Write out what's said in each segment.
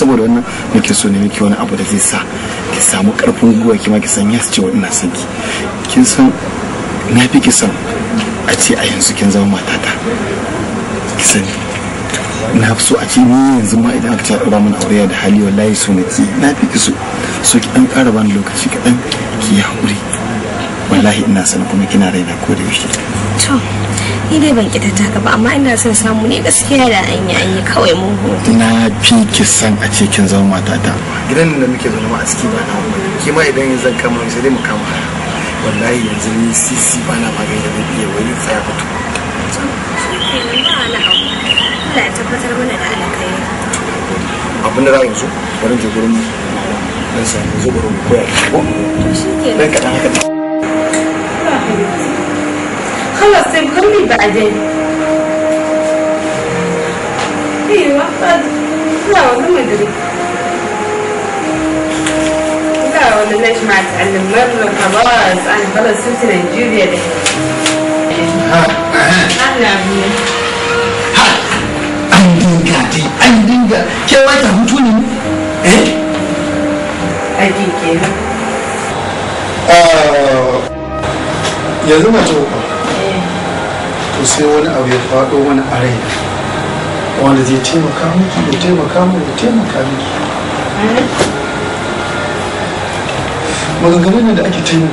saboda wannan nake so ne miki wani abu da zai sa ki samu karfin gwiwa ki ma ki san yas ce ina san ki kin san na fi ki san a ce a yanzu kin zama matata ki san na fi so a ce ni yanzu ma idan aka ci a mana aure da hali wallahi so nake na fi ki so so ki ɗan ƙara bani lokaci kaɗan ki yi haƙuri wallahi ina son kuma kina raina ko da yaushe to ni dai ban kita taka ba amma ina son samu ne gaskiya da an yi an kawai mun hutu na fi ki san a ce kin zama matata gidan da muke zama a ciki ba na wani ke ma idan zan kama sai dai mu kama wallahi yanzu ni sisi ba na magana da iya wani tsaya fito Allah ya tabbatar mana da alakai abin da za mu so bari je mu dan samu zuburin Koya, ko to shi ke nan kadan haka خلاص تبغلي بعدين ايوه قد لا والله ما ادري لا والله ليش ما اتعلم مره خلاص انا خلاص صرت نيجيريا ها ها an dinga dai an dinga ke wata hutu ne eh aiki kenan yanzu mace uku to sai wani abu ya faɗo wani a rai wanda zai taimaka miki ya taimaka mu ya taimaka miki ne da ake taimu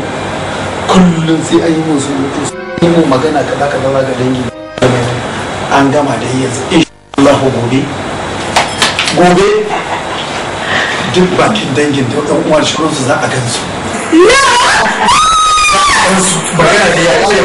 kullum sai an yi musu mutu sai mu magana kaɗa kaza ga dangi an gama da yanzu insha Allah gobe gobe duk bakin dangin da ɗan uwan shirin za a gansu. Ba yana da yaƙi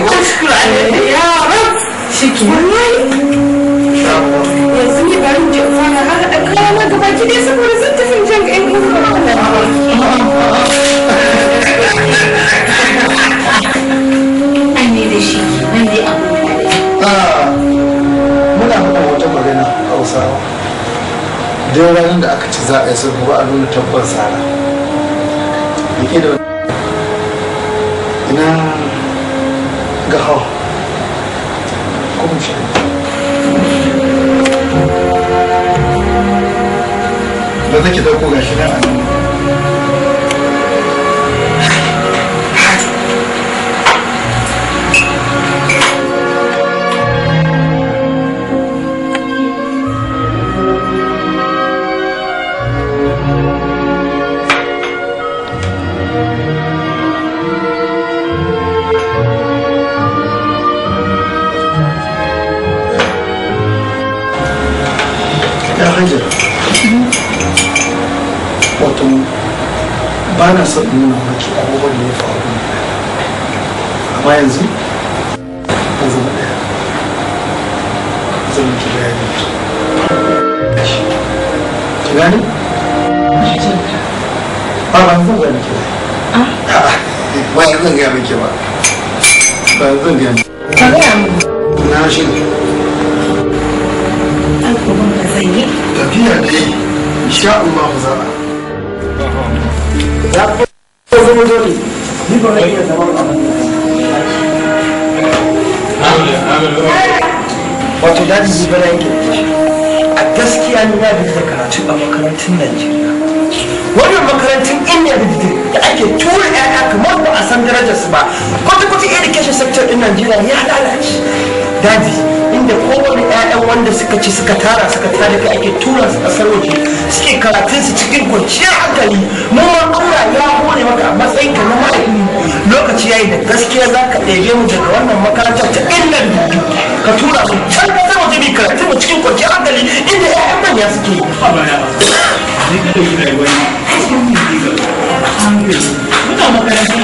za a yi sulhu ba a nuna tabbar tsara yake da ina ga hau kuma shi da a nan wato ba na son nuna maki abubuwan da ya faru amma yanzu ba zama daya zan ki gaya ne ki gani? ba ba zan gaya miki ba ba zan gani miki ba ba zan gani miki ka gaya mu na shi ne alkubin da zan yi tafiya dai insha Allah za a ya kuma zama zo ne ni wato daji zuba na yake a gaskiya ni na bi da karatu a makarantun najeriya wannan makarantun indiya da da ake tura 'ya'ya kamar ba a san darajarsu ba kwata-kwata education sector din najeriya ya lalace daji inda kowane 'ya'yan wanda suka ci suka tara suka tare ka ake tura su kasar waje suke karatun su cikin kwanciyar hankali mu ma Allah ya hore maka a matsayin ka na malami lokaci yayi da gaskiya za ka ɗebe mu daga wannan makarantar ta illan ka tura su can kasar waje mai karatun mu cikin kwanciyar hankali inda 'ya'yan ya suke makarantar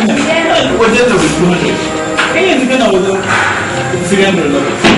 nan wajen da wajen 300 level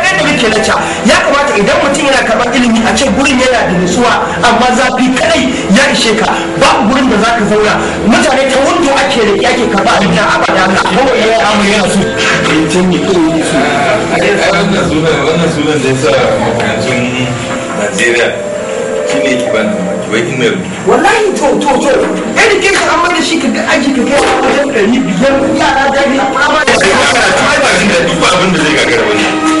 shi lacca ya kamata idan mutum yana karɓar ilimi a ce gurin yana da nutsuwa amma zafi kadai ya ishe ka ba gurin da zaka zauna mutane ta wundo ake da ake karɓa a cikin abada ka kawai ya amma yana su can ne kawai su a yi wannan sunan da yasa makarantun Najeriya shine ki wallahi to to to ka amma da shi kaga aji ka kai wajen 500 yara jami'a ba ba da kai ba ka tuba abin da zai gagara wani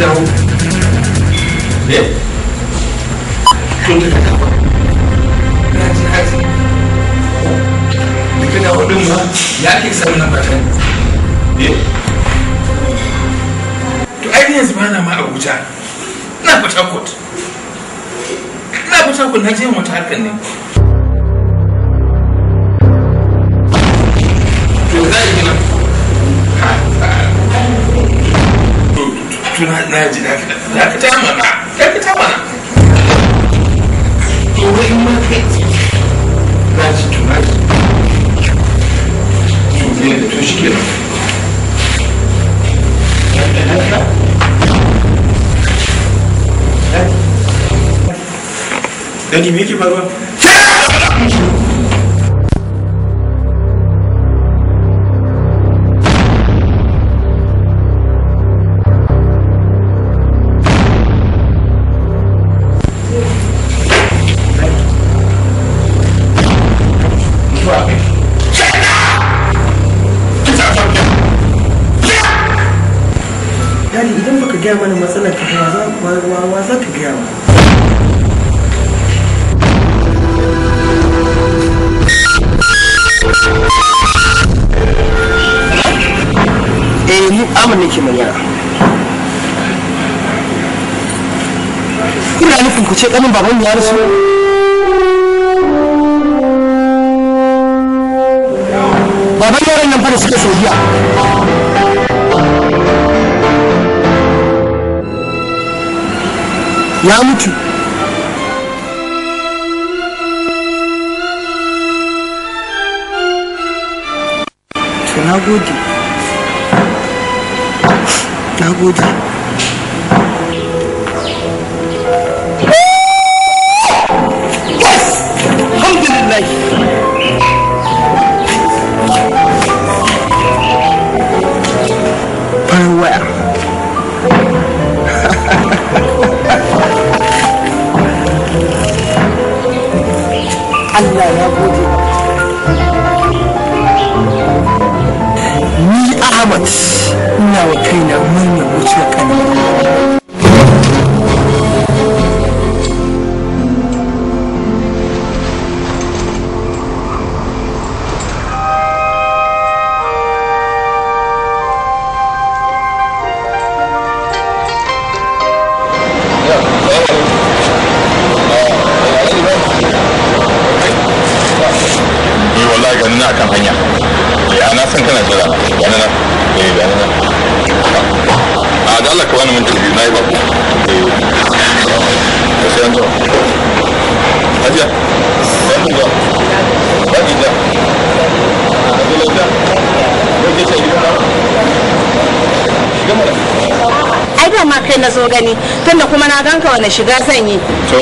dawo eh tun da ka dawo na ji haji da ka dawo din ma ya ke samu na bata ne. to ai ne ba na ma abuja na fata kot na na je wata harkar ne to na ji da ka ta mana da ka ta mana to wai ma kai na ji to na ji to ne to shi da Dani, me que barulho? gaya mana matsalar ka wa za ka gaya mana eh amin nake magana ina nufin ku ce baban ya rasu baban yaran nan fa da suke biya. Yağmur Ne gode. Ne gode. Allah ya gode ni Ahmad ina wa kaina murnar wucewar na san kana jira yana na eh yana na a ah, da Allah ka wani minti biyu na yi bako eh sai an zo hajiya ba ku ga ba da a da ke sai gidan ba ai da ma kai na zo gani tunda kuma na ganka wani shiga zan yi to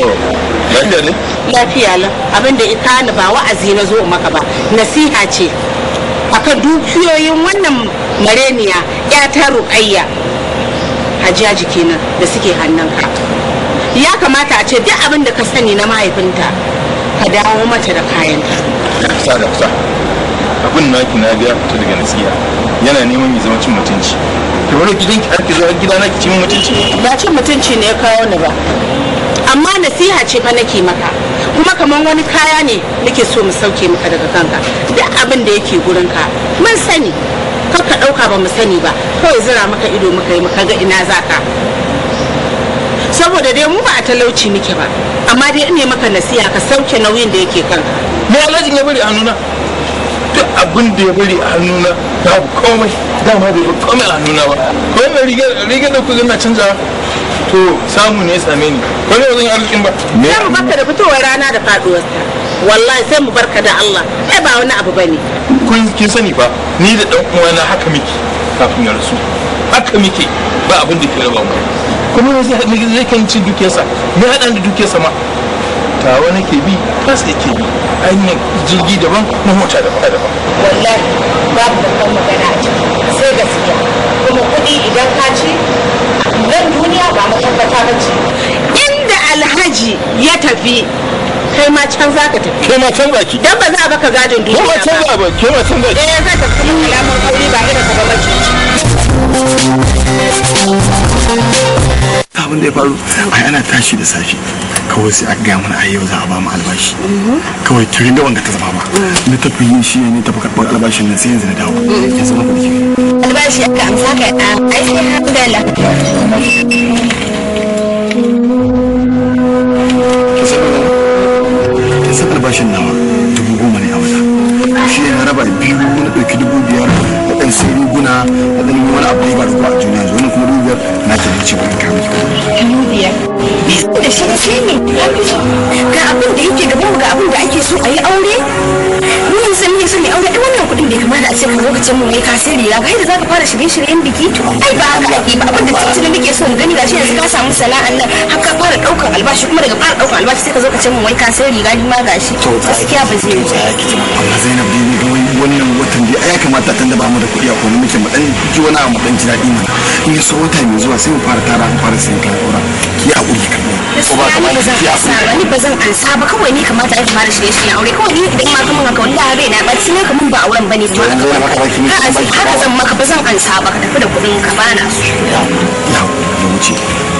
lafiya ne lafiya lau abinda ita ni ba wa'azi na zo maka ba nasiha ce akan dukiyoyin wannan mareniya ya ta ruƙayya hajjaji kenan da suke hannunka ya kamata a ce duk abin da ka sani na mahaifinta ka dawo mata da kayanta da kusa da kusa abin na ki na biya fito daga nasiya yana neman yi zama cin mutunci ki wani gidan ki arki zuwa gida na ki cin mutunci ba cin mutunci ne ya kawo ni ba amma nasiha ce fa nake maka kuma kamar wani kaya ne nake so mu sauke maka daga kanka duk abin da yake ka mun sani kar ka ɗauka ba mu sani ba kawai zira maka ido muka yi muka ga ina za ka saboda dai mu ba a talauci muke ba amma dai ne maka nasiha ka sauke nauyin da yake kanka mu alhaji ya bari a nuna duk abin da ya bari a hannuna babu komai dama bai komai a hannuna ba ko rigar da ku na canzawa to samu ne same ni ko ne zan yi arzikin ba sai mu barka da fitowar rana da faduwar wallahi sai mu barka da Allah ai eh, ba wani abu bane kun kin sani ba ni da dan na haka miki kafin ya rasu haka miki ba abin da ke raba mu kuma ne zai kan ci dukiyarsa ne hadan da dukiyarsa ma tawa nake bi kasa yake bi ainihin jirgi daban na mota daban daban wallahi babu da kan magana a ciki sai gaskiya kuma kudi idan ka ci don duniya ba tabbata ba ce inda alhaji ya tafi kai ma can za ka tafi kai ma can za ki dan ba za a baka gadon duniya ba kai ma can za ba kai ma can za ki eh za ka tafi kalamar aure ba irin ka ba mace abin da ya faru ai ana tashi da safe kawai sai aka gaya mana ai yau za a ba mu albashi kawai turin da wanga ta zama ba ni ta fi yin shi ne fi karɓar albashin nan sai yanzu na dawo ya zama na kuɗi albashi aka amsa ka ah, ai sai alhamdulillah kin san albashin nawa dubu goma ne a wata shi ne na raba biyu na ɗauki dubu biyar na ɗan ta dace ba ka miki Nubiya da shi sai ne ga abin da yake gaban ga abin da ake so a yi aure mun yanzu ne so ne aure wannan kuɗin bai kamata a ce ka lokacin mu mai kasiri ya ga yadda zaka fara shirye shiryen biki ai ba haka ake ba abin da tuntuni nake so mu gani gashi yanzu ka samu sana'an nan har ka fara ɗaukar albashi kuma daga fara ɗaukar albashi sai ka zo ka ce mu mai kasiri ga ma gashi gaskiya ba zai yi ba amma Zainab dai ga wani wannan watan da ya kamata tun da ba mu da kuɗi a kuma muke mu dan ji wani abu dan ji daɗi mana in ya so wata mai zuwa sai mu fara tara mu fara sayan kayan aura ki a guri kan ko ba kamar ki a guri ni ba zan ansa ba kawai ni kamata a yi fara shirye shirye aure kawai ni idan ma kuma haka wallahi bai na baci ne kaman ba auren bane to haka zan maka ba zan ansa ba ka tafi da kuɗin ka bana so wuce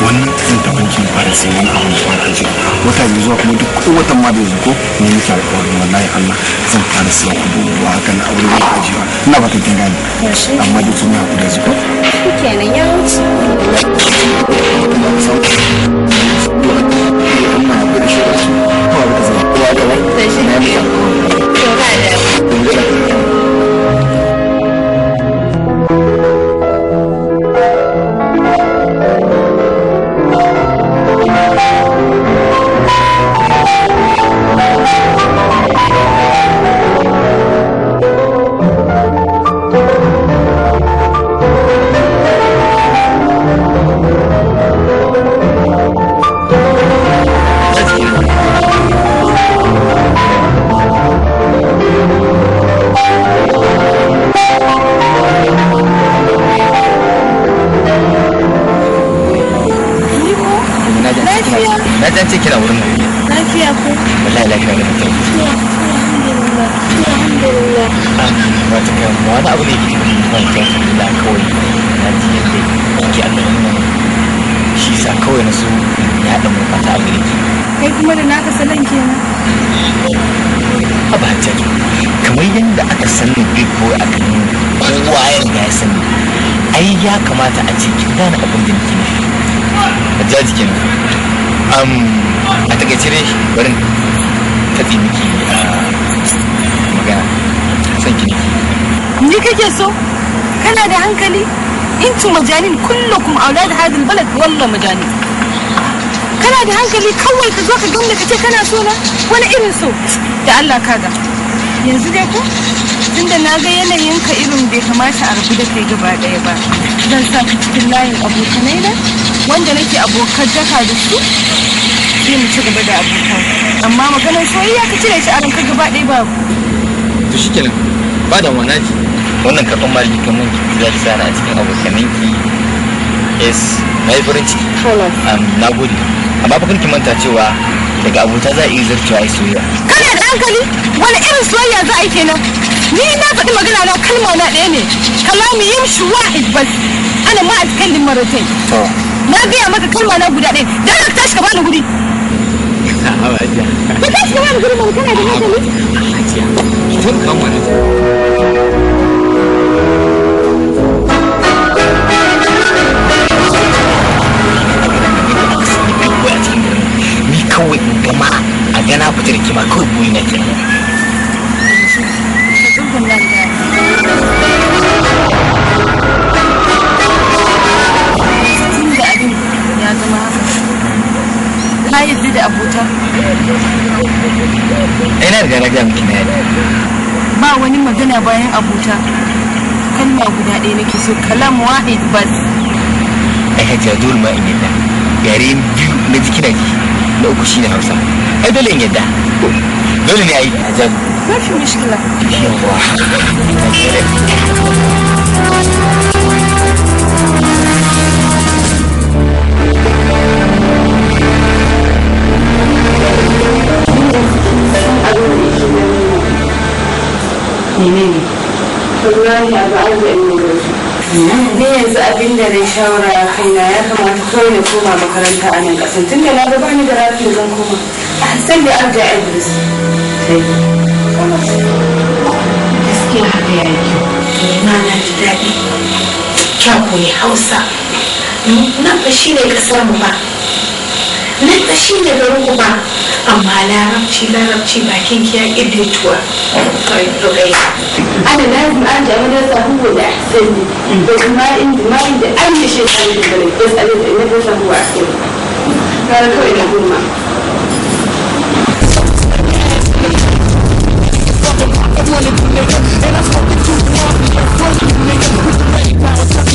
wannan tafiyan ta bankin fara sai wani abu na fara aji wata biyu zuwa kuma duk kowatan ma bai zo ko ne muke alƙawarin wallahi Allah zan fara sai siyan abubuwa haka na aure zan ajiyewa ina ba ta kin gani amma duk suna ku da zuko. kenan ya wuce Thank you. lafiya da kai wata da yake cikin da kawai na ji yadda yake allah nan shi sa kawai na so ya haɗa mu fata a gare ki kuma da kamar yadda aka sani bai ko a kan kowa ya riga ya sani ai ya kamata a ce kin gane abin da nake nufi a jaji kenan a takaice dai barin katse miki ah, magana san ki niki ni kake so kana da hankali intu majalin kullukum aulad hadal balad walla majalin kana da hankali kawai ka zo ka gamla ka ce kana so na wani irin so da Allah kaga yanzu dai ko tunda na ga yanayin ka irin bai kamata a rabu da kai gaba daya ba zan sa ka cikin layin abokanai na wanda nake abokan jaka da su je mu ci gaba da abokan amma maganar soyayya ka cire shi a ranka gaba ɗaya babu to shikenan ba da wani ake wannan karɓar mali kan mun ki za ki sana a cikin abokananki yes na yi farin ciki na gode amma ba kun ki manta cewa daga abota za a iya a yi soyayya kana da hankali wani irin soyayya za a yi kenan ni na faɗi magana na kalma na ɗaya ne kalamu yamshi wahid bas ana ma a cikin limaratai na biya maka kalma na guda ɗaya da ka tashi ka bani guri A'a hajiya. Ka a ka bani gurin kawai in gama a gana fitar kima kawai buri na da abuja ina da raga miki na ba wani magana bayan abuja kalma guda ɗaya nake so kalam wahid bas ai hajjar dole ma in yadda yare biyu na jiki na jiki na uku shi shine hausa ai dole in yadda dole ne ai hajja ba fi mishkila yawa menene wallahi a ga arzikin ne ni yanzu abin da na shawara a kaina ya kamata kawai na koma makaranta a nan kasan tun da na ga bani da lafiya zan koma a san da arja idris gaskiya haka ya yi kyau na na ji daɗi kya koyi hausa hmm? na fa shi ne ka samu ba litta shi ne garin ba amma larabci larabci bakin ki ya ana na yi ma'an da wani sahu ko da ahsani da kuma inda ma'in da an yi shi tsari da gare da tsari da ina zai samu a kai kare kawai na goma And I'm fucking too long, fucking nigga I'm the brain power.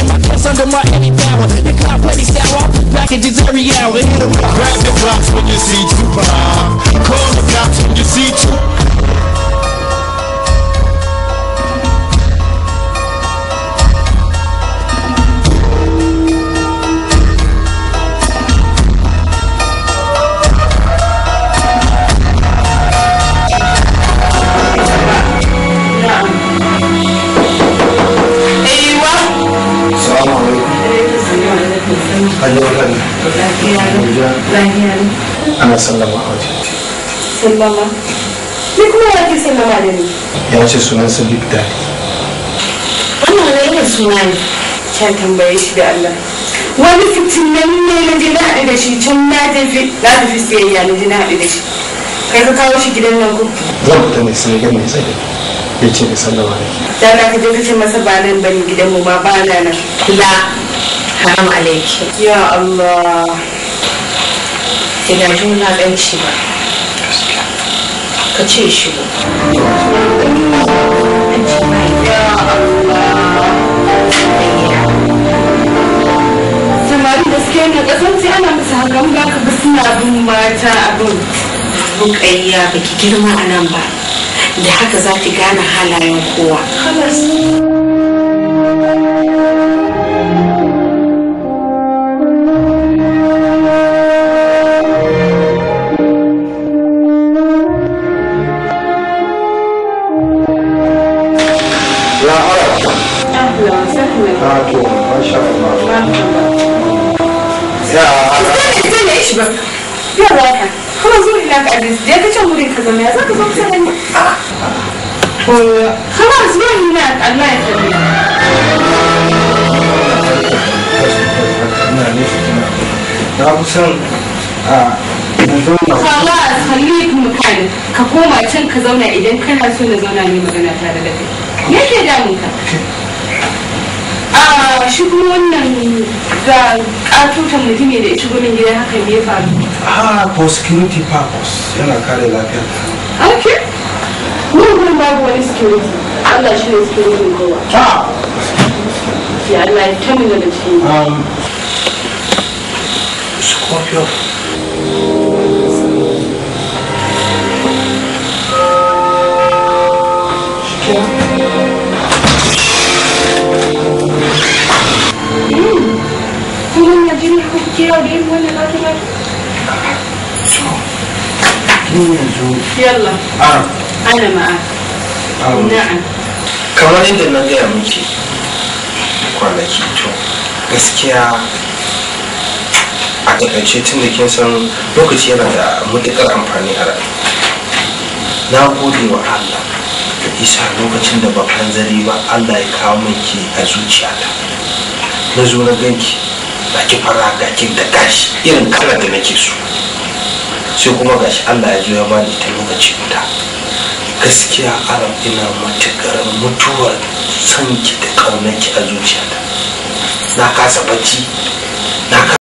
under my 80 power The clock pretty sour, packages every hour Hit Grab the blocks when you see two Tupac Call the cops when you see Tupac mama ni kuma ya ke sai mama da ni ya ce sunan sa big daddy wannan wani irin suna ne can tambaye shi da Allah wani fitinan ne na je na haɗu da shi can na tafi na tafi siyayya na je na haɗu da shi kai ka kawo shi gidan nan ku zan fita mai sai ga mai sai ya ce da sallama ne da na ka je ka ce masa ba nan bane gidan mu ba ba na nan kula haram alaiki ya Allah ina juna ɗan shi ba ka ce samari da suke yanka kasance ana musu hakan ba ka suna bin mata abin bukayya ba ki girma a nan ba da haka za ki gane halayen kowa Rahat olun. Maşallah. Ya. Zai ne shi ba. Yawa ka. Kuma zo ina ka da ya ka can wurin ya zaka zo kusa da ni. Kuma zo ina ka Allah ya tabbata. Na fi son a Kalas, Halil Mukan, ka koma can ka zauna idan kana so na zauna ne magana tare da kai. Me ke damun ka? shi kuma wannan ga katutan mutum da ya shigo gida haka me ya faru ah for security purpose yana kare lafiyar ka okay mun babu wani security Allah shi ne security kowa ah ya Allah ya tamu da shi um, Scorpio kamar yadda na gaya miki kwanaki to gaskiya a takaice tun da kin san lokaci yana da matuƙar amfani a na gode wa allah da isa lokacin da ba zari ba allah ya kawo min ke a ta na zo na ganki ki fara ga ki da gashi irin kalar da nake so sai kuma gashi Allah ya zo ya bani ta lokaci guda gaskiya aram ina matukar mutuwar sanki da kaunaki a zuciyata na kasa bacci na